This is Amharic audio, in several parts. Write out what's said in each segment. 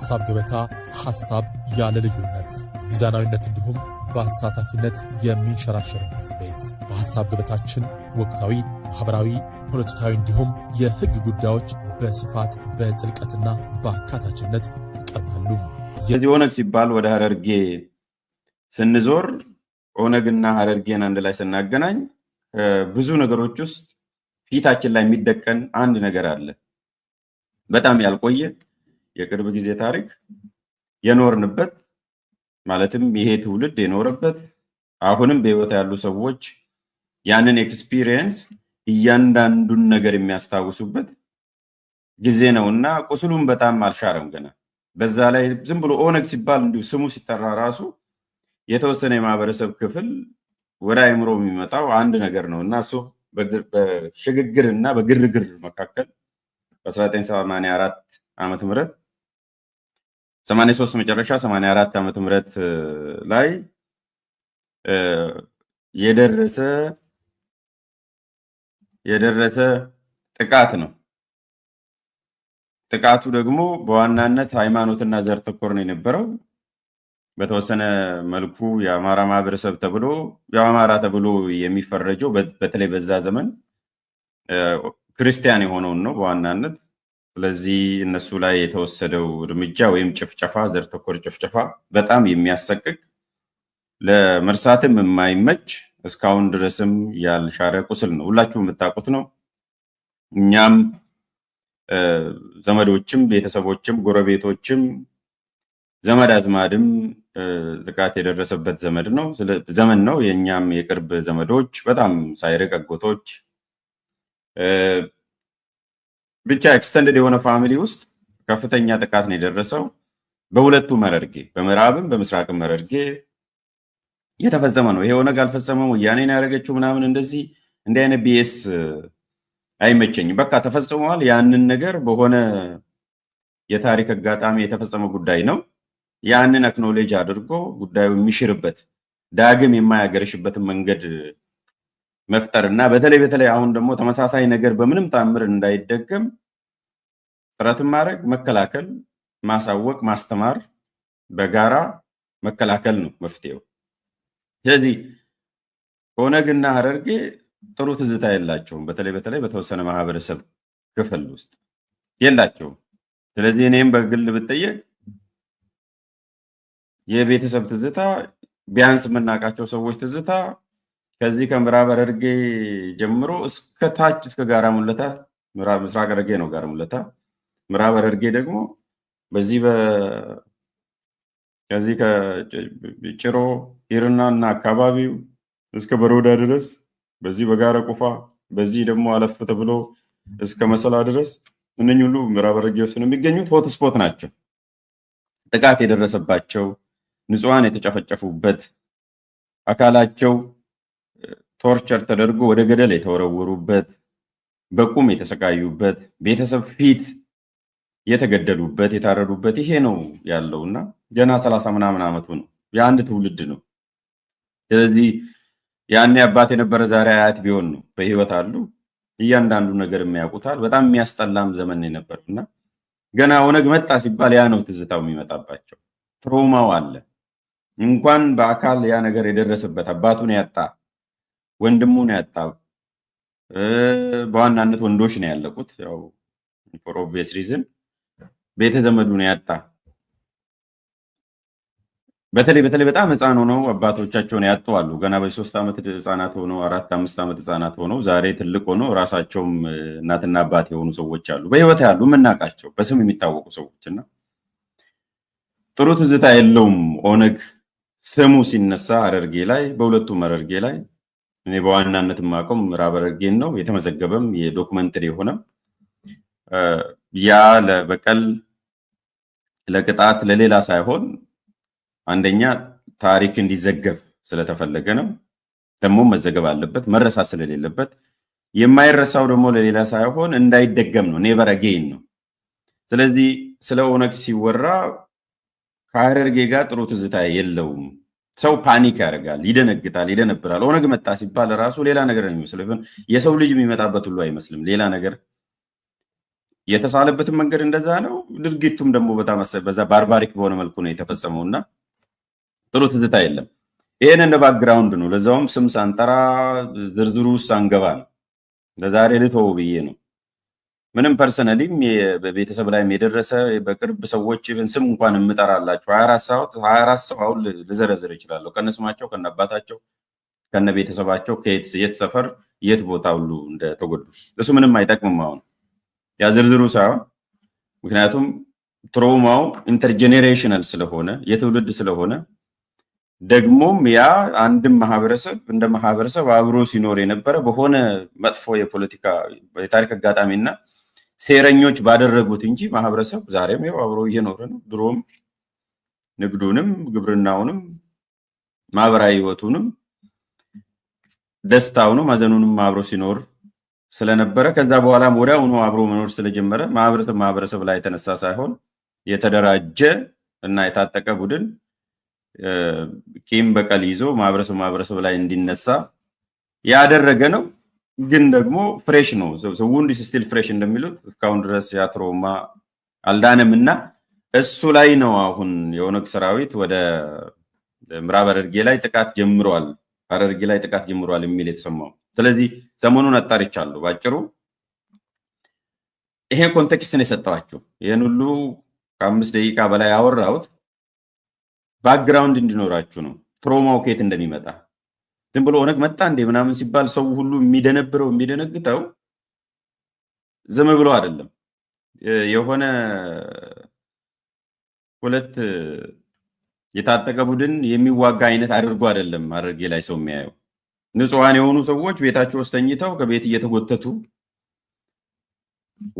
ሀሳብ ገበታ ሀሳብ ያለ ልዩነት ሚዛናዊነት እንዲሁም በአሳታፊነት የሚንሸራሸርበት ቤት። በሀሳብ ገበታችን ወቅታዊ፣ ማህበራዊ፣ ፖለቲካዊ እንዲሁም የህግ ጉዳዮች በስፋት በጥልቀትና በአካታችነት ይቀርባሉ። የዚህ ኦነግ ሲባል ወደ ሀረርጌ ስንዞር ኦነግና ሀረርጌን አንድ ላይ ስናገናኝ ብዙ ነገሮች ውስጥ ፊታችን ላይ የሚደቀን አንድ ነገር አለ በጣም ያልቆየ የቅርብ ጊዜ ታሪክ የኖርንበት ማለትም ይሄ ትውልድ የኖረበት አሁንም በህይወት ያሉ ሰዎች ያንን ኤክስፒሪየንስ እያንዳንዱን ነገር የሚያስታውሱበት ጊዜ ነው እና ቁስሉም በጣም አልሻረም ገና። በዛ ላይ ዝም ብሎ ኦነግ ሲባል እንዲሁ ስሙ ሲጠራ ራሱ የተወሰነ የማህበረሰብ ክፍል ወደ አይምሮ የሚመጣው አንድ ነገር ነው እና እሱ በሽግግር እና በግርግር መካከል በ1984 ዓመተ ምህረት 83 መጨረሻ 84 ዓመተ ምህረት ላይ የደረሰ የደረሰ ጥቃት ነው። ጥቃቱ ደግሞ በዋናነት ሃይማኖትና ዘር ተኮር ነው የነበረው። በተወሰነ መልኩ የአማራ ማህበረሰብ ተብሎ የአማራ ተብሎ የሚፈረጀው በተለይ በዛ ዘመን ክርስቲያን የሆነውን ነው በዋናነት ስለዚህ እነሱ ላይ የተወሰደው እርምጃ ወይም ጭፍጨፋ፣ ዘር ተኮር ጭፍጨፋ በጣም የሚያሰቅቅ ለመርሳትም የማይመች እስካሁን ድረስም ያልሻረ ቁስል ነው። ሁላችሁ የምታውቁት ነው። እኛም ዘመዶችም፣ ቤተሰቦችም፣ ጎረቤቶችም ዘመድ አዝማድም ጥቃት የደረሰበት ዘመድ ነው ዘመን ነው። የእኛም የቅርብ ዘመዶች በጣም ሳይርቅ አጎቶች ብቻ ኤክስተንድድ የሆነ ፋሚሊ ውስጥ ከፍተኛ ጥቃት ነው የደረሰው። በሁለቱ መረርጌ በምዕራብም በምስራቅም መረርጌ የተፈጸመ ነው። ይሄ ኦነግ አልፈጸመም፣ ወያኔ ነው ያደረገችው ምናምን እንደዚህ እንዲህ አይነት ቢኤስ አይመቸኝም። በቃ ተፈጽመዋል። ያንን ነገር በሆነ የታሪክ አጋጣሚ የተፈጸመ ጉዳይ ነው። ያንን አክኖሌጅ አድርጎ ጉዳዩ የሚሽርበት ዳግም የማያገረሽበትን መንገድ መፍጠር እና በተለይ በተለይ አሁን ደግሞ ተመሳሳይ ነገር በምንም ታምር እንዳይደገም ጥረትን ማድረግ፣ መከላከል፣ ማሳወቅ፣ ማስተማር፣ በጋራ መከላከል ነው መፍትሄው። ስለዚህ ኦነግና አረርጌ ጥሩ ትዝታ የላቸውም። በተለይ በተለይ በተወሰነ ማህበረሰብ ክፍል ውስጥ የላቸውም። ስለዚህ እኔም በግል ብጠየቅ የቤተሰብ ትዝታ ቢያንስ የምናውቃቸው ሰዎች ትዝታ ከዚህ ከምዕራብ ሐረርጌ ጀምሮ እስከ ታች እስከ ጋራ ሙለታ ምስራቅ ሐረርጌ ነው። ጋራ ሙለታ ምዕራብ ሐረርጌ ደግሞ በዚህ ከዚህ ከጭሮ ሂርና እና አካባቢው እስከ በሮዳ ድረስ በዚህ በጋራ ቁፋ በዚህ ደግሞ አለፍ ተብሎ እስከ መሰላ ድረስ እነኚህ ሁሉ ምዕራብ ሐረርጌ ውስጥ ነው የሚገኙት። ሆትስፖት ናቸው። ጥቃት የደረሰባቸው፣ ንጹሐን የተጨፈጨፉበት፣ አካላቸው ቶርቸር ተደርጎ ወደ ገደል የተወረወሩበት፣ በቁም የተሰቃዩበት፣ ቤተሰብ ፊት የተገደሉበት፣ የታረዱበት ይሄ ነው ያለው እና ገና ሰላሳ ምናምን ዓመቱ ነው። የአንድ ትውልድ ነው። ስለዚህ ያኔ አባት የነበረ ዛሬ አያት ቢሆን ነው በህይወት አሉ። እያንዳንዱ ነገር የሚያውቁታል። በጣም የሚያስጠላም ዘመን የነበር እና ገና ኦነግ መጣ ሲባል ያ ነው ትዝታው የሚመጣባቸው። ትሮማው አለ። እንኳን በአካል ያ ነገር የደረሰበት አባቱን ያጣ ወንድሙን ያጣ በዋናነት ወንዶች ነው ያለቁት። ያው ፎር ኦብቪየስ ሪዝን ቤተ ዘመዱ ነው ያጣ። በተለይ በተለይ በጣም ህፃን ሆነው አባቶቻቸውን ያጡ አሉ። ገና በሶስት ዓመት ህፃናት ሆነው አራት አምስት ዓመት ህፃናት ሆነው ዛሬ ትልቅ ሆኖ ራሳቸውም እናትና አባት የሆኑ ሰዎች አሉ። በህይወት ያሉ የምናውቃቸው በስም የሚታወቁ ሰዎች እና ጥሩ ትዝታ የለውም ኦነግ ስሙ ሲነሳ ሐረርጌ ላይ በሁለቱም ሐረርጌ ላይ እኔ በዋናነት የማውቀው ምዕራብ ሐረርጌን ነው። የተመዘገበም የዶክመንተሪ የሆነም ያ ለበቀል ለቅጣት፣ ለሌላ ሳይሆን አንደኛ ታሪክ እንዲዘገብ ስለተፈለገ ነው። ደግሞ መዘገብ አለበት መረሳ ስለሌለበት የማይረሳው ደግሞ ለሌላ ሳይሆን እንዳይደገም ነው። ኔቨር አጌን ነው። ስለዚህ ስለ ኦነግ ሲወራ ከሐረርጌ ጋር ጥሩ ትዝታ የለውም። ሰው ፓኒክ ያደርጋል፣ ይደነግጣል፣ ይደነብራል። ኦነግ መጣ ሲባል ራሱ ሌላ ነገር ነው የሚመስለው። የሰው ልጅ የሚመጣበት ሁሉ አይመስልም። ሌላ ነገር የተሳለበትን መንገድ እንደዛ ነው። ድርጊቱም ደግሞ በጣም በዛ ባርባሪክ በሆነ መልኩ ነው የተፈጸመው እና ጥሩ ትዝታ የለም። ይህን እንደ ባክግራውንድ ነው፣ ለዛውም ስም ሳንጠራ ዝርዝሩ ውስጥ ሳንገባ ነው። ለዛሬ ልተወው ብዬ ነው። ምንም ፐርሰነሊም በቤተሰብ ላይም የደረሰ በቅርብ ሰዎች ን ስም እንኳን የምጠራላቸው ሀያ አራት ሰው አሁን ልዘረዝር ይችላለሁ። ከነ ስማቸው፣ ከነ አባታቸው፣ ከነ ቤተሰባቸው ከየት የት ሰፈር የት ቦታ ሁሉ እንደተጎዱ እሱ ምንም አይጠቅምም። አሁን ያ ዝርዝሩ ሳይሆን ምክንያቱም ትሮማው ኢንተርጀኔሬሽናል ስለሆነ የትውልድ ስለሆነ ደግሞም ያ አንድም ማህበረሰብ እንደ ማህበረሰብ አብሮ ሲኖር የነበረ በሆነ መጥፎ የፖለቲካ የታሪክ አጋጣሚና ሴረኞች ባደረጉት እንጂ ማህበረሰብ ዛሬም ያው አብሮ እየኖረ ነው። ድሮም ንግዱንም፣ ግብርናውንም፣ ማህበራዊ ህይወቱንም፣ ደስታውንም፣ ሀዘኑንም አብሮ ሲኖር ስለነበረ ከዛ በኋላም ወዲያውኑ አብሮ መኖር ስለጀመረ ማህበረሰብ ማህበረሰብ ላይ የተነሳ ሳይሆን የተደራጀ እና የታጠቀ ቡድን ቂም በቀል ይዞ ማህበረሰብ ማህበረሰብ ላይ እንዲነሳ ያደረገ ነው። ግን ደግሞ ፍሬሽ ነው። ውንድ ስቲል ፍሬሽ እንደሚሉት እስካሁን ድረስ ያትሮማ ትሮማ አልዳነም እና እሱ ላይ ነው አሁን የኦነግ ሰራዊት ወደ ምዕራብ አደርጌ ላይ ጥቃት ጀምረዋል፣ አደርጌ ላይ ጥቃት ጀምረዋል የሚል የተሰማው። ስለዚህ ሰሞኑን አጣርቻለሁ። ባጭሩ ይሄ ኮንቴክስት ነው የሰጠኋቸው። ይህን ሁሉ ከአምስት ደቂቃ በላይ አወራሁት ባክግራውንድ እንዲኖራችሁ ነው፣ ትሮማው ከየት እንደሚመጣ ዝም ብሎ ኦነግ መጣ እንዴ ምናምን ሲባል ሰው ሁሉ የሚደነብረው የሚደነግጠው ዝም ብሎ አይደለም። የሆነ ሁለት የታጠቀ ቡድን የሚዋጋ አይነት አድርጎ አይደለም አድርጌ ላይ ሰው የሚያየው። ንጹሐን የሆኑ ሰዎች ቤታቸው ውስጥ ተኝተው ከቤት እየተጎተቱ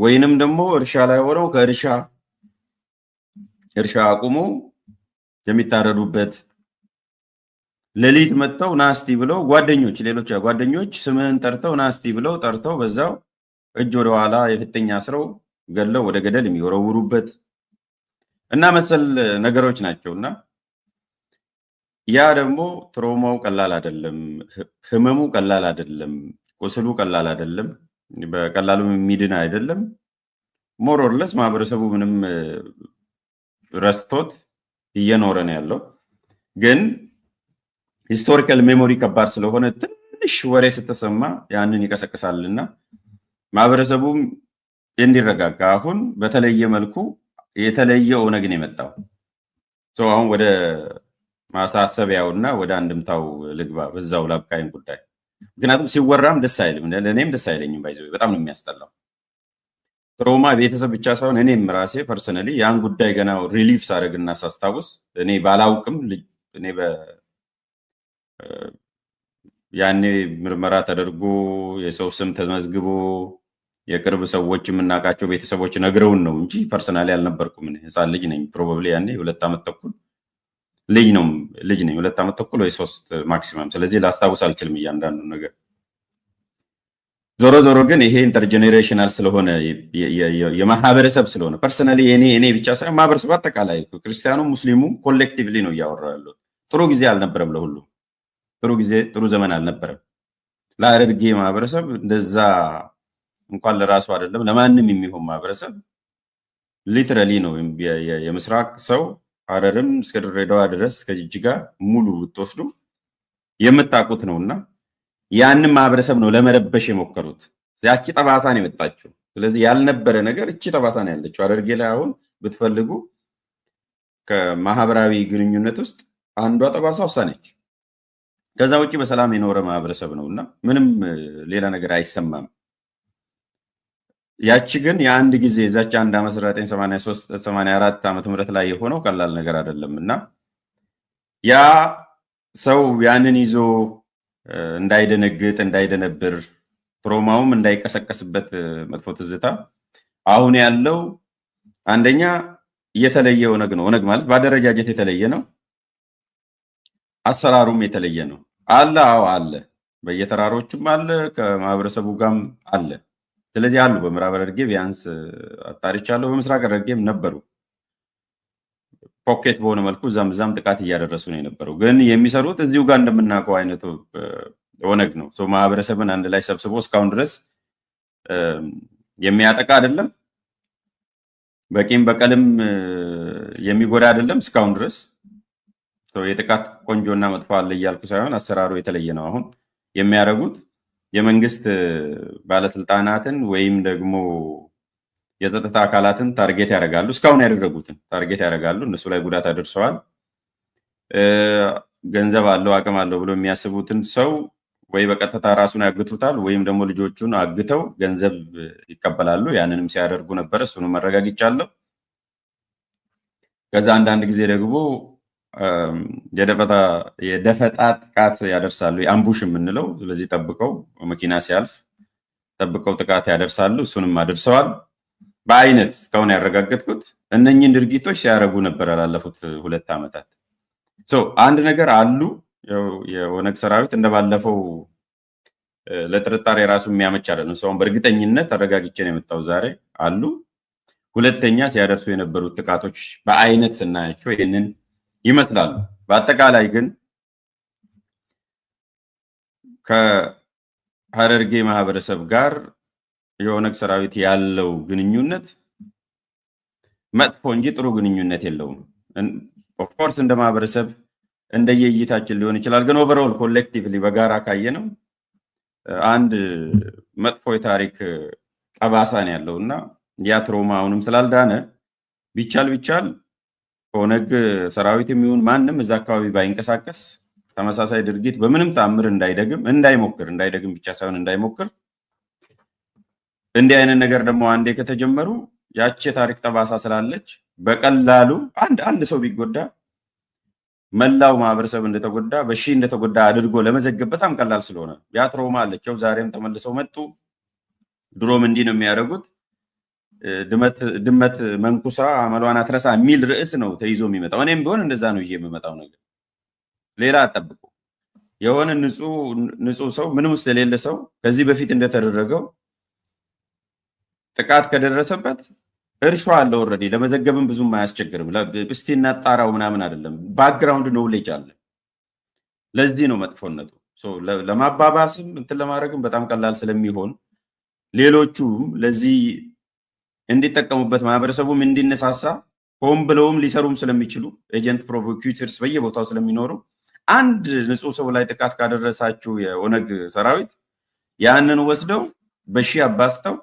ወይንም ደግሞ እርሻ ላይ ሆነው ከእርሻ እርሻ አቁሞ የሚታረዱበት ሌሊት መጥተው ናስቲ ብለው ጓደኞች ሌሎች ጓደኞች ስምህን ጠርተው ናስቲ ብለው ጠርተው በዛው እጅ ወደኋላ የፍጥኝ አስረው ገለው ወደ ገደል የሚወረውሩበት እና መሰል ነገሮች ናቸው እና ያ ደግሞ ትሮማው ቀላል አይደለም፣ ህመሙ ቀላል አይደለም፣ ቁስሉ ቀላል አይደለም፣ በቀላሉ የሚድን አይደለም። ሞሮርለስ ማህበረሰቡ ምንም ረስቶት እየኖረ ነው ያለው ግን ሂስቶሪካል ሜሞሪ ከባድ ስለሆነ ትንሽ ወሬ ስተሰማ ያንን ይቀሰቅሳልና ማህበረሰቡም እንዲረጋጋ አሁን በተለየ መልኩ የተለየ ኦነግን የመጣው አሁን ወደ ማሳሰቢያውና ወደ አንድምታው ልግባ። በዛው ላብቃይን ጉዳይ ምክንያቱም ሲወራም ደስ አይልም፣ እኔም ደስ አይለኝም። ይዘ በጣም ነው የሚያስጠላው። ትሮማ ቤተሰብ ብቻ ሳይሆን እኔም ራሴ ፐርሰነሊ ያን ጉዳይ ገና ሪሊፍ ሳደርግና ሳስታውስ እኔ ባላውቅም እኔ ያኔ ምርመራ ተደርጎ የሰው ስም ተመዝግቦ የቅርብ ሰዎች የምናውቃቸው ቤተሰቦች ነግረውን ነው እንጂ ፐርሰናሊ አልነበርኩም። ህፃን ልጅ ነኝ። ፕሮባብሊ ያኔ ሁለት ዓመት ተኩል ልጅ ነው ልጅ ነኝ። ሁለት ዓመት ተኩል ወይ ሶስት ማክሲመም። ስለዚህ ላስታውስ አልችልም እያንዳንዱ ነገር። ዞሮ ዞሮ ግን ይሄ ኢንተርጀኔሬሽናል ስለሆነ የማህበረሰብ ስለሆነ ፐርሰናሊ እኔ እኔ ብቻ ሳይሆን ማህበረሰብ አጠቃላይ ክርስቲያኑ፣ ሙስሊሙ ኮሌክቲቭሊ ነው እያወራ ያለው። ጥሩ ጊዜ አልነበረም ለሁሉም ጥሩ ጊዜ ጥሩ ዘመን አልነበረም። ለሀረርጌ ማህበረሰብ እንደዛ እንኳን ለራሱ አይደለም ለማንም የሚሆን ማህበረሰብ ሊትራሊ ነው የምስራቅ ሰው ሀረርም እስከ ድሬዳዋ ድረስ እስከ ጅጅጋ ሙሉ ብትወስዱ የምታውቁት ነው እና ያንን ማህበረሰብ ነው ለመረበሽ የሞከሩት። ያቺ ጠባሳን የመጣችው። ስለዚህ ያልነበረ ነገር እቺ ጠባሳን ያለችው። አደርጌ ላይ አሁን ብትፈልጉ ከማህበራዊ ግንኙነት ውስጥ አንዷ ጠባሳ እሷ ነች። ከዛ ውጭ በሰላም የኖረ ማህበረሰብ ነው እና ምንም ሌላ ነገር አይሰማም። ያቺ ግን የአንድ ጊዜ እዛች አንድ ዓመት 1984 ዓመተ ምህረት ላይ የሆነው ቀላል ነገር አይደለም እና ያ ሰው ያንን ይዞ እንዳይደነግጥ እንዳይደነብር ትሮማውም እንዳይቀሰቀስበት መጥፎ ትዝታ አሁን ያለው አንደኛ የተለየ ኦነግ ነው። ኦነግ ማለት በአደረጃጀት የተለየ ነው። አሰራሩም የተለየ ነው አለ። አዎ አለ። በየተራሮችም አለ፣ ከማህበረሰቡ ጋርም አለ። ስለዚህ አሉ። በምዕራብ ሐረርጌ ቢያንስ አጣርቻለሁ። በምስራቅ ሐረርጌም ነበሩ። ፖኬት በሆነ መልኩ እዛም እዛም ጥቃት እያደረሱ ነው የነበረው። ግን የሚሰሩት እዚሁ ጋር እንደምናውቀው አይነቱ ኦነግ ነው። ማህበረሰብን አንድ ላይ ሰብስቦ እስካሁን ድረስ የሚያጠቃ አይደለም። በቂም በቀልም የሚጎዳ አይደለም እስካሁን ድረስ የጥቃት ቆንጆና መጥፎ አለ እያልኩ ሳይሆን አሰራሩ የተለየ ነው። አሁን የሚያደርጉት የመንግስት ባለስልጣናትን ወይም ደግሞ የጸጥታ አካላትን ታርጌት ያደርጋሉ። እስካሁን ያደረጉትን ታርጌት ያደርጋሉ። እነሱ ላይ ጉዳት አድርሰዋል። ገንዘብ አለው አቅም አለው ብሎ የሚያስቡትን ሰው ወይ በቀጥታ ራሱን ያግቱታል ወይም ደግሞ ልጆቹን አግተው ገንዘብ ይቀበላሉ። ያንንም ሲያደርጉ ነበረ። እሱንም መረጋግጫለሁ። ከዛ አንዳንድ ጊዜ ደግሞ የደፈጣ ጥቃት ያደርሳሉ፣ የአምቡሽ የምንለው ስለዚህ ጠብቀው መኪና ሲያልፍ ጠብቀው ጥቃት ያደርሳሉ። እሱንም አድርሰዋል በአይነት እስካሁን ያረጋገጥኩት እነኝን ድርጊቶች ሲያደረጉ ነበር ያላለፉት ሁለት ዓመታት። አንድ ነገር አሉ የኦነግ ሰራዊት እንደባለፈው ለጥርጣሬ ራሱ የሚያመች አይደለም። ሰውን በእርግጠኝነት አረጋግጬ ነው የመጣው ዛሬ አሉ። ሁለተኛ ሲያደርሱ የነበሩት ጥቃቶች በአይነት ስናያቸው ይህንን ይመስላሉ። በአጠቃላይ ግን ከሀረርጌ ማህበረሰብ ጋር የኦነግ ሰራዊት ያለው ግንኙነት መጥፎ እንጂ ጥሩ ግንኙነት የለውም። ኦፍኮርስ እንደ ማህበረሰብ እንደየእይታችን ሊሆን ይችላል። ግን ኦቨርኦል ኮሌክቲቭሊ በጋራ ካየ ነው አንድ መጥፎ የታሪክ ጠባሳን ያለው እና ያ ትሮማ አሁንም ስላልዳነ ቢቻል ቢቻል ከኦነግ ሰራዊት የሚሆን ማንም እዛ አካባቢ ባይንቀሳቀስ ተመሳሳይ ድርጊት በምንም ተአምር እንዳይደግም እንዳይሞክር እንዳይደግም ብቻ ሳይሆን እንዳይሞክር እንዲህ አይነት ነገር ደግሞ አንዴ ከተጀመሩ ያቺ የታሪክ ጠባሳ ስላለች በቀላሉ አንድ አንድ ሰው ቢጎዳ መላው ማህበረሰብ እንደተጎዳ በሺ እንደተጎዳ አድርጎ ለመዘገብ በጣም ቀላል ስለሆነ ያ ትሮማ አለቸው። ዛሬም ተመልሰው መጡ። ድሮም እንዲህ ነው የሚያደርጉት። ድመት መንኩሳ አመሏን አትረሳ የሚል ርዕስ ነው ተይዞ የሚመጣው። እኔም ቢሆን እንደዛ ነው የምመጣው ነገር ሌላ አጠብቁ። የሆነ ንጹህ ሰው ምንም ውስጥ የሌለ ሰው ከዚህ በፊት እንደተደረገው ጥቃት ከደረሰበት እርሾ አለ ኦልሬዲ ለመዘገብም ብዙም አያስቸግርም። እስቲ እናጣራው ምናምን አይደለም። ባክግራውንድ ኖውሌጅ አለ። ለዚህ ነው መጥፎነቱ ለማባባስም እንትን ለማድረግም በጣም ቀላል ስለሚሆን ሌሎቹም ለዚህ እንዲጠቀሙበት ማህበረሰቡም እንዲነሳሳ ሆን ብለውም ሊሰሩም ስለሚችሉ ኤጀንት ፕሮቮኪውተርስ በየቦታው ስለሚኖሩ አንድ ንጹህ ሰው ላይ ጥቃት ካደረሳችሁ የኦነግ ሰራዊት ያንን ወስደው በሺ አባስተው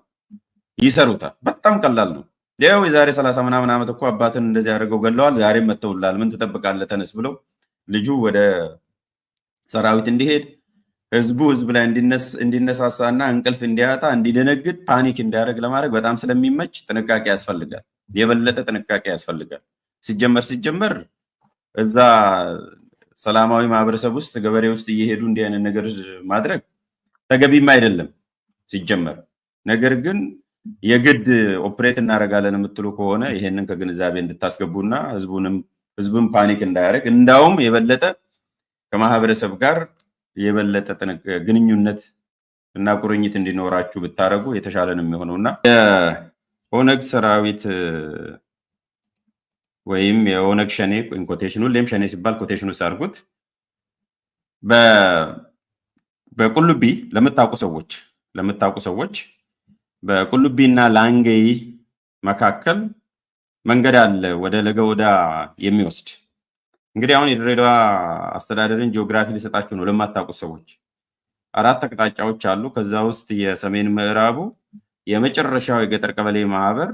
ይሰሩታል። በጣም ቀላል ነው። ያው የዛሬ ሰላሳ ምናምን ዓመት እኮ አባትን እንደዚህ አድርገው ገለዋል። ዛሬም መተውላል። ምን ትጠብቃለህ? ተነስ ብለው ልጁ ወደ ሰራዊት እንዲሄድ ህዝቡ ህዝብ ላይ እንዲነሳሳና እንቅልፍ እንዲያጣ እንዲደነግጥ ፓኒክ እንዲያደርግ ለማድረግ በጣም ስለሚመች ጥንቃቄ ያስፈልጋል። የበለጠ ጥንቃቄ ያስፈልጋል። ሲጀመር ሲጀመር እዛ ሰላማዊ ማህበረሰብ ውስጥ ገበሬ ውስጥ እየሄዱ እንዲህ አይነት ነገር ማድረግ ተገቢም አይደለም ሲጀመር። ነገር ግን የግድ ኦፕሬት እናደርጋለን የምትሉ ከሆነ ይሄንን ከግንዛቤ እንድታስገቡና ህዝቡንም ህዝብን ፓኒክ እንዳያደርግ እንዳውም የበለጠ ከማህበረሰብ ጋር የበለጠ ግንኙነት እና ቁርኝት እንዲኖራችሁ ብታደረጉ የተሻለ ነው የሚሆነው እና የኦነግ ሰራዊት ወይም የኦነግ ሸኔ ኮቴሽኑ ሌም ሸኔ ሲባል ኮቴሽኑ ሳርጉት በቁልቢ ለምታውቁ ሰዎች ለምታውቁ ሰዎች በቁልቢ እና ላንገይ መካከል መንገድ አለ ወደ ለገውዳ የሚወስድ እንግዲህ አሁን የድሬዳዋ አስተዳደርን ጂኦግራፊ ሊሰጣችሁ ነው ለማታውቁት ሰዎች። አራት አቅጣጫዎች አሉ። ከዛ ውስጥ የሰሜን ምዕራቡ የመጨረሻው የገጠር ቀበሌ ማህበር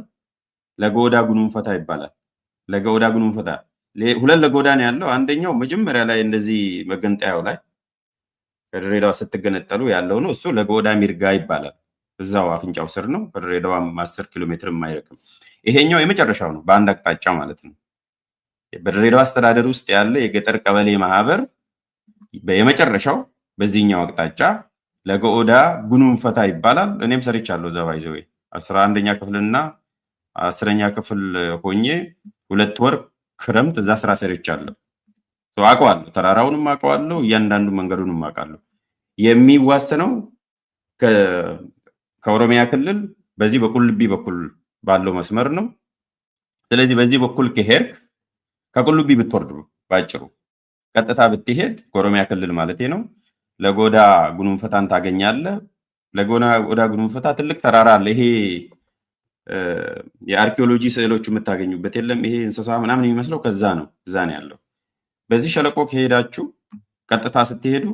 ለጎዳ ጉኑንፈታ ይባላል። ለጎዳ ጉኑንፈታ ሁለት ለጎዳ ነው ያለው። አንደኛው መጀመሪያ ላይ እንደዚህ መገንጠያው ላይ ከድሬዳዋ ስትገነጠሉ ያለው ነው። እሱ ለጎዳ ሚርጋ ይባላል። እዛው አፍንጫው ስር ነው። ከድሬዳዋም አስር ኪሎ ሜትር የማይረቅም። ይሄኛው የመጨረሻው ነው፣ በአንድ አቅጣጫ ማለት ነው። በድሬዳዋ አስተዳደር ውስጥ ያለ የገጠር ቀበሌ ማህበር የመጨረሻው በዚህኛው አቅጣጫ ለገኦዳ ጉኑን ፈታ ይባላል። እኔም ሰርቻለሁ ዘባይ ባይዘዌ አስራ አንደኛ ክፍልና አስረኛ ክፍል ሆኜ ሁለት ወር ክረምት እዛ ስራ ሰርቻለሁ። አውቀዋለሁ፣ ተራራውንም አውቀዋለሁ፣ እያንዳንዱ መንገዱንም አውቃለሁ። የሚዋሰነው ከኦሮሚያ ክልል በዚህ በቁልቢ በኩል ባለው መስመር ነው። ስለዚህ በዚህ በኩል ከሄድክ ከቁልቢ ብትወርድ ባጭሩ ቀጥታ ብትሄድ ከኦሮሚያ ክልል ማለት ነው፣ ለጎዳ ጉኑንፈታን ታገኛለህ። ለጎዳ ጉኑንፈታ ትልቅ ተራራ አለ። ይሄ የአርኪኦሎጂ ስዕሎች የምታገኙበት የለም። ይሄ እንስሳ ምናምን የሚመስለው ከዛ ነው፣ እዛ ነው ያለው። በዚህ ሸለቆ ከሄዳችሁ ቀጥታ ስትሄዱ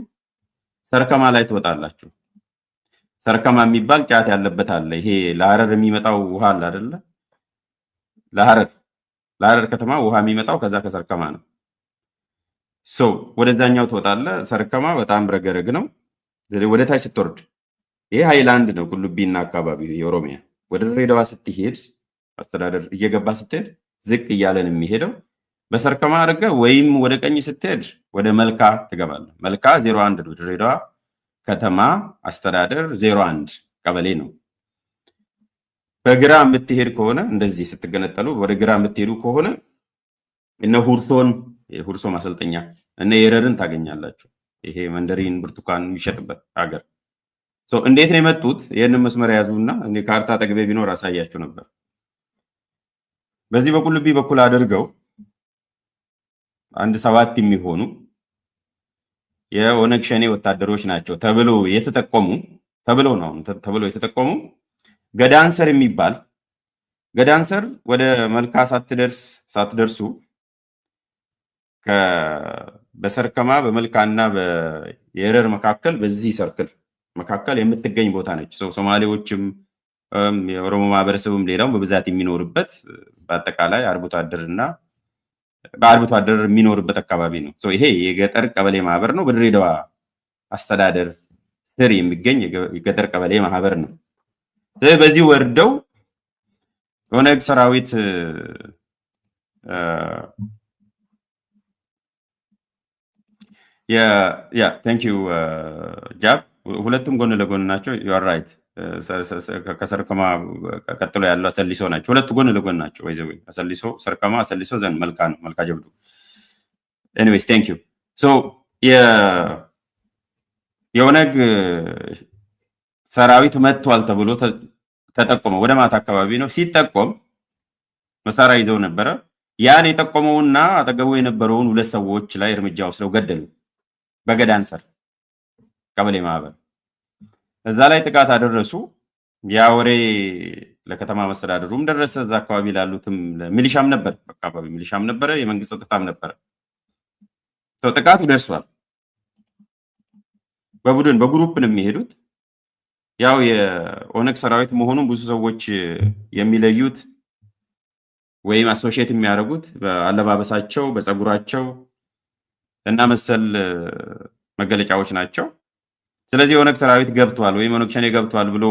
ሰርከማ ላይ ትወጣላችሁ። ሰርከማ የሚባል ጫት ያለበት አለ። ይሄ ለሀረር የሚመጣው ውሃ አለ አደለ? ለሀረር ለሐረር ከተማ ውሃ የሚመጣው ከዛ ከሰርከማ ነው። ወደዛኛው ትወጣለ። ሰርከማ በጣም ረገረግ ነው። ወደ ታች ስትወርድ ይሄ ሃይላንድ ነው፣ ቁልቢና አካባቢ የኦሮሚያ። ወደ ድሬዳዋ ስትሄድ አስተዳደር እየገባ ስትሄድ ዝቅ እያለን የሚሄደው በሰርከማ አድርገ ወይም ወደ ቀኝ ስትሄድ ወደ መልካ ትገባለ። መልካ 01 ነው ድሬዳዋ ከተማ አስተዳደር 01 ቀበሌ ነው። በግራ የምትሄድ ከሆነ እንደዚህ ስትገነጠሉ ወደ ግራ የምትሄዱ ከሆነ እነ ሁርሶን ሁርሶ ማሰልጠኛ እነ የረርን ታገኛላችሁ። ይሄ መንደሪን ብርቱካን የሚሸጥበት ሀገር እንዴት ነው የመጡት? ይህንን መስመር የያዙ እና ካርታ ጠግቤ ቢኖር አሳያችሁ ነበር። በዚህ በቁልቢ በኩል አድርገው አንድ ሰባት የሚሆኑ የኦነግ ሸኔ ወታደሮች ናቸው ተብሎ የተጠቆሙ ተብሎ ነው ተብሎ የተጠቆሙ ገዳንሰር የሚባል ገዳንሰር ወደ መልካ ሳትደርስ ሳትደርሱ በሰርከማ በመልካና የረር መካከል በዚህ ሰርክል መካከል የምትገኝ ቦታ ነች። ሰው ሶማሌዎችም የኦሮሞ ማህበረሰብም ሌላውም በብዛት የሚኖርበት በአጠቃላይ አርብቶ አደርና በአርብቶ አደር የሚኖርበት አካባቢ ነው። ይሄ የገጠር ቀበሌ ማህበር ነው። በድሬዳዋ አስተዳደር ስር የሚገኝ የገጠር ቀበሌ ማህበር ነው። በዚህ ወርደው ኦነግ ሰራዊት ያ ቴንክ ዩ ጃብ ሁለቱም ጎን ለጎን ናቸው። ዩአር ራይት ከሰርከማ ቀጥሎ ያለው አሰሊሶ ናቸው። ሁለቱ ጎን ለጎን ናቸው። ወይ ወይ አሰሊሶ ሰርከማ፣ አሰሊሶ ዘን መልካ ነው። መልካ ጀብዱ ኤኒዌይስ ቴንክ ዩ ሶ የኦነግ ሰራዊት መጥቷል ተብሎ ተጠቆመ። ወደ ማታ አካባቢ ነው ሲጠቆም፣ መሳሪያ ይዘው ነበረ። ያን የጠቆመውና አጠገቡ የነበረውን ሁለት ሰዎች ላይ እርምጃ ወስደው ገደሉ። በገዳን ሰር ቀበሌ ማህበር እዛ ላይ ጥቃት አደረሱ። ያ ወሬ ለከተማ መስተዳደሩም ደረሰ። እዛ አካባቢ ላሉትም ሚሊሻም ነበር፣ አካባቢ ሚሊሻም ነበረ፣ የመንግስት ጸጥታም ነበረ። ጥቃቱ ደርሷል። በቡድን በግሩፕ ነው የሚሄዱት ያው የኦነግ ሰራዊት መሆኑን ብዙ ሰዎች የሚለዩት ወይም አሶሺየት የሚያደርጉት በአለባበሳቸው፣ በፀጉራቸው እና መሰል መገለጫዎች ናቸው። ስለዚህ የኦነግ ሰራዊት ገብቷል ወይም ኦነግ ሸኔ ገብቷል ብሎ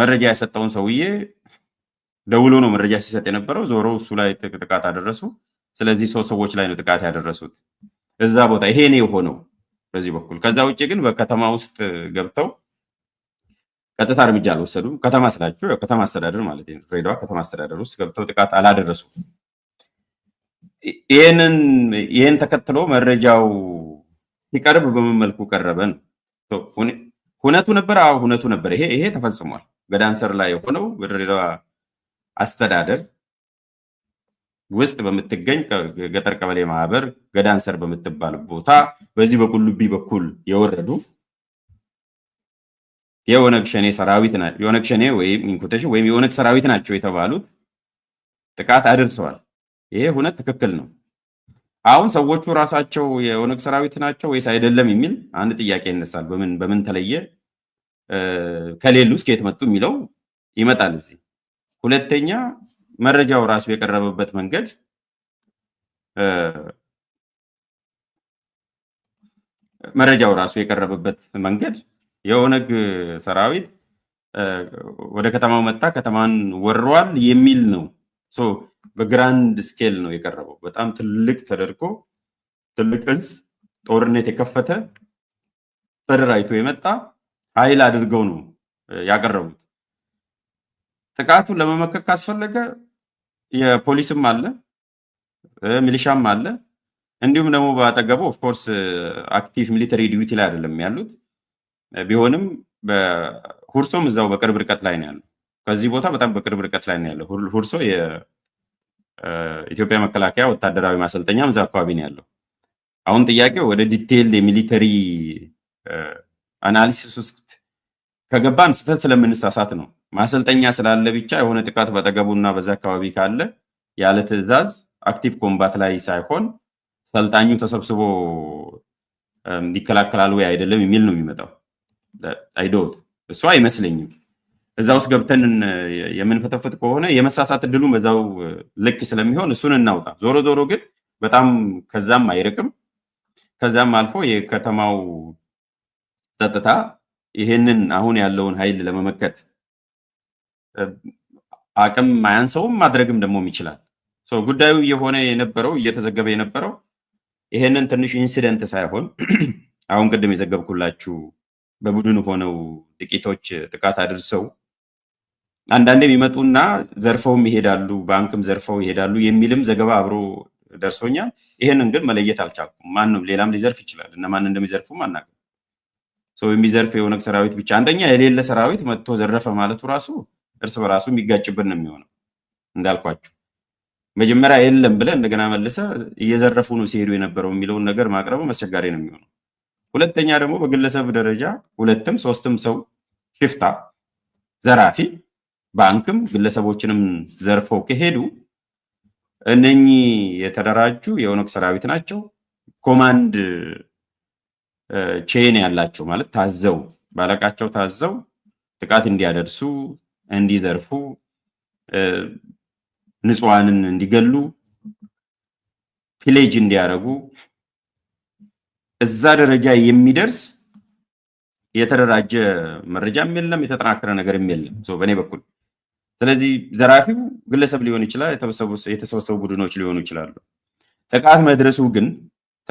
መረጃ የሰጠውን ሰውዬ ደውሎ ነው መረጃ ሲሰጥ የነበረው። ዞሮ እሱ ላይ ጥቃት አደረሱ። ስለዚህ ሶስት ሰዎች ላይ ነው ጥቃት ያደረሱት እዛ ቦታ። ይሄ ነው የሆነው በዚህ በኩል። ከዛ ውጭ ግን በከተማ ውስጥ ገብተው ቀጥታ እርምጃ አልወሰዱም። ከተማ ስላቸው ከተማ አስተዳደር ማለት ነው። ድሬዳዋ ከተማ አስተዳደር ውስጥ ገብተው ጥቃት አላደረሱም። ይህን ተከትሎ መረጃው ሲቀርብ በምን መልኩ ቀረበ ነው ሁነቱ ነበር። አዎ ሁነቱ ነበር። ይሄ ይሄ ተፈጽሟል። ገዳንሰር ላይ የሆነው በድሬዳዋ አስተዳደር ውስጥ በምትገኝ ገጠር ቀበሌ ማህበር ገዳንሰር በምትባል ቦታ በዚህ በቁልቢ በኩል የወረዱ የኦነግ ሸኔ ሰራዊት ናቸው የኦነግ ሸኔ ወይም ኢንኮቴሽን ወይም የኦነግ ሰራዊት ናቸው የተባሉት ጥቃት አድርሰዋል። ይሄ እውነት ትክክል ነው። አሁን ሰዎቹ ራሳቸው የኦነግ ሰራዊት ናቸው ወይስ አይደለም የሚል አንድ ጥያቄ ይነሳል። በምን በምን ተለየ ከሌሉ እስከ የት መጡ የሚለው ይመጣል እዚህ። ሁለተኛ መረጃው ራሱ የቀረበበት መንገድ መረጃው ራሱ የቀረበበት መንገድ የኦነግ ሰራዊት ወደ ከተማው መጣ፣ ከተማን ወሯል የሚል ነው። በግራንድ ስኬል ነው የቀረበው። በጣም ትልቅ ተደርጎ ትልቅ እዝ ጦርነት የከፈተ ተደራጅቶ የመጣ ኃይል አድርገው ነው ያቀረቡት። ጥቃቱን ለመመከት ካስፈለገ የፖሊስም አለ፣ ሚሊሻም አለ። እንዲሁም ደግሞ በአጠገቡ ኦፍኮርስ አክቲቭ ሚሊተሪ ዲዩቲ ላይ አይደለም ያሉት ቢሆንም ሁርሶም እዛው በቅርብ ርቀት ላይ ነው ያለው። ከዚህ ቦታ በጣም በቅርብ ርቀት ላይ ነው ያለው። ሁርሶ የኢትዮጵያ መከላከያ ወታደራዊ ማሰልጠኛም እዛ አካባቢ ነው ያለው። አሁን ጥያቄው ወደ ዲቴይል የሚሊተሪ አናሊሲስ ውስጥ ከገባን ስህተት ስለምንሳሳት ነው። ማሰልጠኛ ስላለ ብቻ የሆነ ጥቃት በጠገቡ እና በዛ አካባቢ ካለ ያለ ትዕዛዝ አክቲቭ ኮምባት ላይ ሳይሆን ሰልጣኙ ተሰብስቦ ይከላከላል ወይ አይደለም የሚል ነው የሚመጣው። አይዶት እሷ እሱ አይመስለኝም። እዛ ውስጥ ገብተን የምንፈተፍት ከሆነ የመሳሳት እድሉ በዛው ልክ ስለሚሆን እሱን እናውጣ። ዞሮ ዞሮ ግን በጣም ከዛም አይርቅም። ከዛም አልፎ የከተማው ጸጥታ ይሄንን አሁን ያለውን ኃይል ለመመከት አቅም አያንሰውም፣ ማድረግም ደግሞ ይችላል። ጉዳዩ እየሆነ የነበረው እየተዘገበ የነበረው ይሄንን ትንሽ ኢንሲደንት ሳይሆን አሁን ቅድም የዘገብኩላችሁ በቡድን ሆነው ጥቂቶች ጥቃት አድርሰው አንዳንዴ ይመጡና ዘርፈውም ይሄዳሉ፣ ባንክም ዘርፈው ይሄዳሉ የሚልም ዘገባ አብሮ ደርሶኛል። ይሄንን ግን መለየት አልቻልኩም። ማንም ሌላም ሊዘርፍ ይችላል እና ማን እንደሚዘርፉም አናውቅም። ሰው የሚዘርፍ የኦነግ ሰራዊት ብቻ አንደኛ የሌለ ሰራዊት መጥቶ ዘረፈ ማለቱ ራሱ እርስ በራሱ የሚጋጭብን ነው የሚሆነው። እንዳልኳችሁ መጀመሪያ የለም ብለን እንደገና መልሰ እየዘረፉ ነው ሲሄዱ የነበረው የሚለውን ነገር ማቅረቡ አስቸጋሪ ነው የሚሆነው። ሁለተኛ ደግሞ በግለሰብ ደረጃ ሁለትም ሶስትም ሰው ሽፍታ፣ ዘራፊ፣ ባንክም ግለሰቦችንም ዘርፈው ከሄዱ እነኚህ የተደራጁ የኦነግ ሰራዊት ናቸው። ኮማንድ ቼን ያላቸው ማለት ታዘው ባለቃቸው ታዘው ጥቃት እንዲያደርሱ፣ እንዲዘርፉ፣ ንጹሐንን እንዲገሉ፣ ፒሌጅ እንዲያደርጉ እዛ ደረጃ የሚደርስ የተደራጀ መረጃም የለም፣ የተጠናከረ ነገርም የለም በእኔ በኩል። ስለዚህ ዘራፊው ግለሰብ ሊሆን ይችላል፣ የተሰበሰቡ ቡድኖች ሊሆኑ ይችላሉ። ጥቃት መድረሱ ግን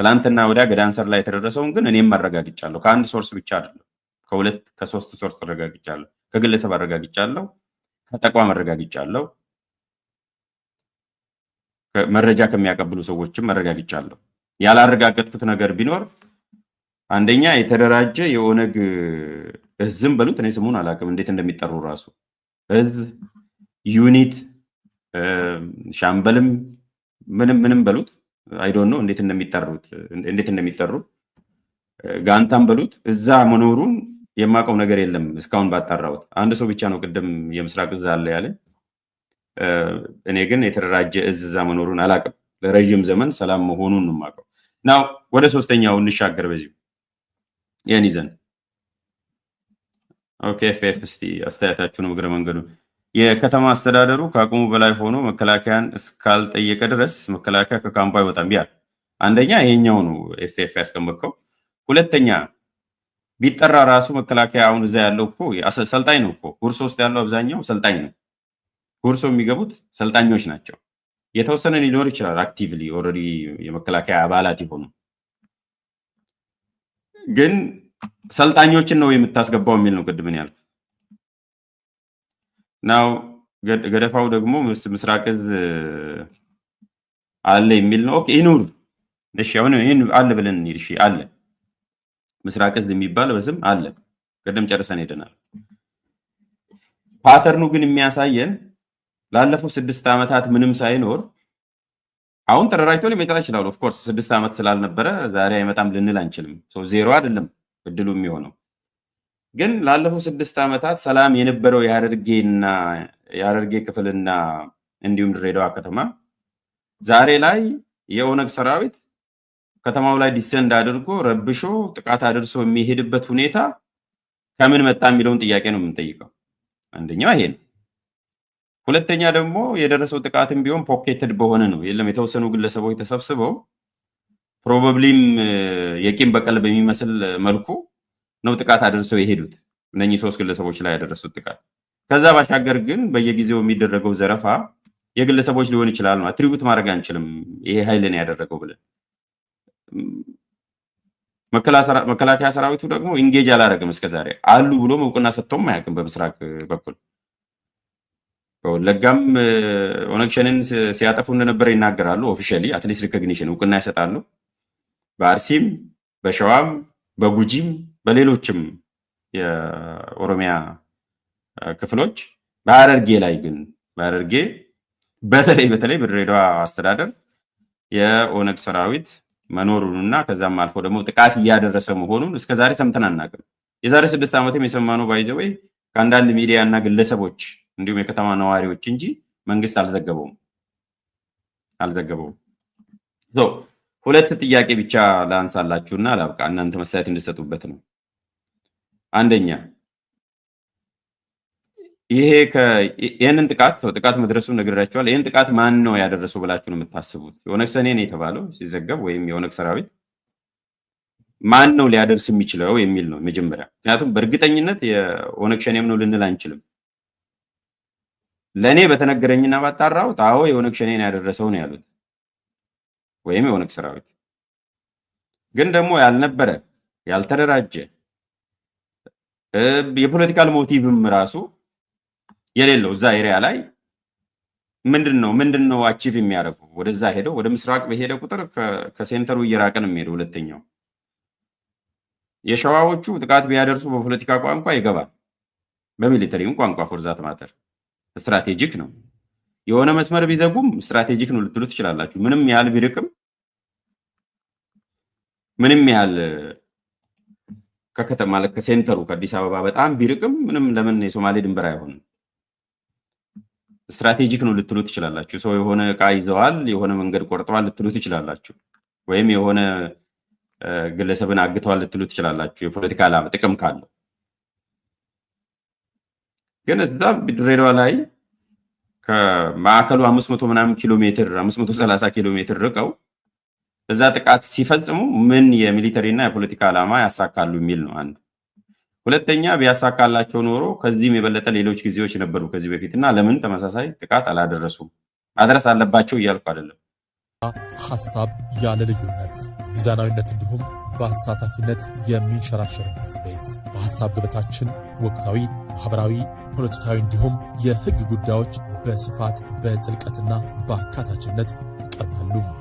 ትላንትና ወዲያ ገዳንሰር ላይ የተደረሰውን ግን እኔም አረጋግጫለሁ። ከአንድ ሶርስ ብቻ አይደለም፣ ከሁለት ከሶስት ሶርስ አረጋግጫለሁ። ከግለሰብ አረጋግጫለሁ፣ ከተቋም አረጋግጫለሁ፣ መረጃ ከሚያቀብሉ ሰዎችም አረጋግጫለሁ። ያላረጋገጥኩት ነገር ቢኖር አንደኛ የተደራጀ የኦነግ እዝም በሉት እኔ ስሙን አላውቅም፣ እንዴት እንደሚጠሩ ራሱ እዝ፣ ዩኒት፣ ሻምበልም ምንም ምንም በሉት አይዶን ነው እንዴት እንደሚጠሩት እንዴት እንደሚጠሩ ጋንታም በሉት እዛ መኖሩን የማውቀው ነገር የለም እስካሁን ባጣራሁት። አንድ ሰው ብቻ ነው ቅድም የምስራቅ እዛ አለ ያለ። እኔ ግን የተደራጀ እዝ እዛ መኖሩን አላውቅም። ለረዥም ዘመን ሰላም መሆኑን ነው የማውቀው። ናው ወደ ሶስተኛው እንሻገር። በዚሁ ይህን ይዘን ኦኬ ኤፍኤፍ እስቲ አስተያየታችሁን እግረ መንገዱን የከተማ አስተዳደሩ ከአቅሙ በላይ ሆኖ መከላከያን እስካልጠየቀ ድረስ መከላከያ ከካምፖ አይወጣም ይላል። አንደኛ ይሄኛው ነው ኤፍኤፍ ያስቀመጥከው። ሁለተኛ ቢጠራ ራሱ መከላከያ አሁን እዛ ያለው እኮ ሰልጣኝ ነው እኮ ሁርሶ ውስጥ ያለው አብዛኛው ሰልጣኝ ነው። ሁርሶ የሚገቡት ሰልጣኞች ናቸው። የተወሰነ ሊኖር ይችላል። አክቲቭሊ ኦልሬዲ የመከላከያ አባላት የሆኑ ግን ሰልጣኞችን ነው የምታስገባው የሚል ነው። ቅድምን ያልኩ ናው ገደፋው ደግሞ ምስራቅ እዝ አለ የሚል ነው። ኦኬ ይኑር። እሺ አሁን ይህን አለ ብለን እንሂድ። እሺ አለ ምስራቅ እዝ የሚባል በስም አለ። ቅድም ጨርሰን ሄደናል። ፓተርኑ ግን የሚያሳየን ላለፉት ስድስት ዓመታት ምንም ሳይኖር አሁን ተደራጅቶ ሊመጣ ይችላሉ ኦፍኮርስ ስድስት ዓመት ስላልነበረ ዛሬ አይመጣም ልንል አንችልም። ዜሮ አይደለም እድሉ የሚሆነው ግን ላለፉት ስድስት ዓመታት ሰላም የነበረው የሀረርጌና የሀረርጌ ክፍልና እንዲሁም ድሬዳዋ ከተማ ዛሬ ላይ የኦነግ ሰራዊት ከተማው ላይ ዲሰንድ አድርጎ ረብሾ ጥቃት አድርሶ የሚሄድበት ሁኔታ ከምን መጣ የሚለውን ጥያቄ ነው የምንጠይቀው። አንደኛው ይሄ ነው። ሁለተኛ ደግሞ የደረሰው ጥቃትም ቢሆን ፖኬትድ በሆነ ነው። የለም የተወሰኑ ግለሰቦች ተሰብስበው ፕሮባብሊም የቂም በቀል በሚመስል መልኩ ነው ጥቃት አድርሰው የሄዱት እነኚህ ሶስት ግለሰቦች ላይ ያደረሱት ጥቃት። ከዛ ባሻገር ግን በየጊዜው የሚደረገው ዘረፋ የግለሰቦች ሊሆን ይችላል ነው አትሪቡት ማድረግ አንችልም። ይሄ ኃይልን ያደረገው ብለን መከላከያ ሰራዊቱ ደግሞ ኢንጌጅ አላደረግም እስከዛሬ አሉ ብሎም እውቅና ሰጥቶም አያውቅም በምስራቅ በኩል በወለጋም ኦነግ ሸኔን ሲያጠፉ እንደነበረ ይናገራሉ። ኦፊሻሊ አትሊስት ሪኮግኒሽን እውቅና ይሰጣሉ። በአርሲም በሸዋም በጉጂም በሌሎችም የኦሮሚያ ክፍሎች በሀረርጌ ላይ ግን በሀረርጌ በተለይ በተለይ በድሬዳዋ አስተዳደር የኦነግ ሰራዊት መኖሩንና ከዛም አልፎ ደግሞ ጥቃት እያደረሰ መሆኑን እስከዛሬ ሰምተን አናውቅም። የዛሬ ስድስት ዓመትም የሰማነው ባይዘወይ ከአንዳንድ ሚዲያ እና ግለሰቦች እንዲሁም የከተማ ነዋሪዎች እንጂ መንግስት አልዘገበውም አልዘገበውም። ሁለት ጥያቄ ብቻ ላንሳላችሁና ላብቃ፣ እናንተ መሳየት እንድሰጡበት ነው። አንደኛ ይሄ ይህንን ጥቃት ጥቃት መድረሱ ነግሬያቸዋል። ይህን ጥቃት ማን ነው ያደረሰው ብላችሁ ነው የምታስቡት? የኦነግ ሰኔ ነው የተባለው ሲዘገብ ወይም የኦነግ ሰራዊት ማን ነው ሊያደርስ የሚችለው የሚል ነው መጀመሪያ። ምክንያቱም በእርግጠኝነት የኦነግ ሸኔም ነው ልንል አንችልም። ለእኔ በተነገረኝና ባጣራሁት አዎ የኦነግ ሸኔ ነው ያደረሰው ነው ያሉት፣ ወይም የኦነግ ሰራዊት ግን ደግሞ ያልነበረ ያልተደራጀ የፖለቲካል ሞቲቭም ራሱ የሌለው እዛ ኤሪያ ላይ ምንድን ነው ምንድን ነው አቺቭ የሚያደርጉ ወደዛ ሄደው ወደ ምስራቅ በሄደ ቁጥር ከሴንተሩ እየራቀን የሚሄደ ሁለተኛው የሸዋዎቹ ጥቃት ቢያደርሱ በፖለቲካ ቋንቋ ይገባል፣ በሚሊተሪም ቋንቋ ፎርዛት ማተር ስትራቴጂክ ነው። የሆነ መስመር ቢዘጉም ስትራቴጂክ ነው ልትሉ ትችላላችሁ። ምንም ያህል ቢርቅም ምንም ያህል ከከተማ ከሴንተሩ ከአዲስ አበባ በጣም ቢርቅም ምንም ለምን የሶማሌ ድንበር አይሆንም? ስትራቴጂክ ነው ልትሉ ትችላላችሁ። ሰው የሆነ እቃ ይዘዋል፣ የሆነ መንገድ ቆርጠዋል ልትሉ ትችላላችሁ። ወይም የሆነ ግለሰብን አግተዋል ልትሉ ትችላላችሁ። የፖለቲካ ጥቅም ካለው ግን እዛ ድሬዳዋ ላይ ከማዕከሉ አምስት መቶ ምናምን ኪሎ ሜትር አምስት መቶ ሰላሳ ኪሎ ሜትር ርቀው እዛ ጥቃት ሲፈጽሙ ምን የሚሊተሪና የፖለቲካ ዓላማ ያሳካሉ የሚል ነው አንዱ። ሁለተኛ ቢያሳካላቸው ኖሮ ከዚህም የበለጠ ሌሎች ጊዜዎች ነበሩ ከዚህ በፊት እና ለምን ተመሳሳይ ጥቃት አላደረሱም? ማድረስ አለባቸው እያልኩ አይደለም። ሀሳብ ያለ ልዩነት ሚዛናዊነት፣ እንዲሁም በአሳታፊነት የሚንሸራሸርበት ቤት በሀሳብ ገበታችን ወቅታዊ ማህበራዊ ፖለቲካዊ እንዲሁም የህግ ጉዳዮች በስፋት በጥልቀትና በአካታችነት ይቀርባሉ።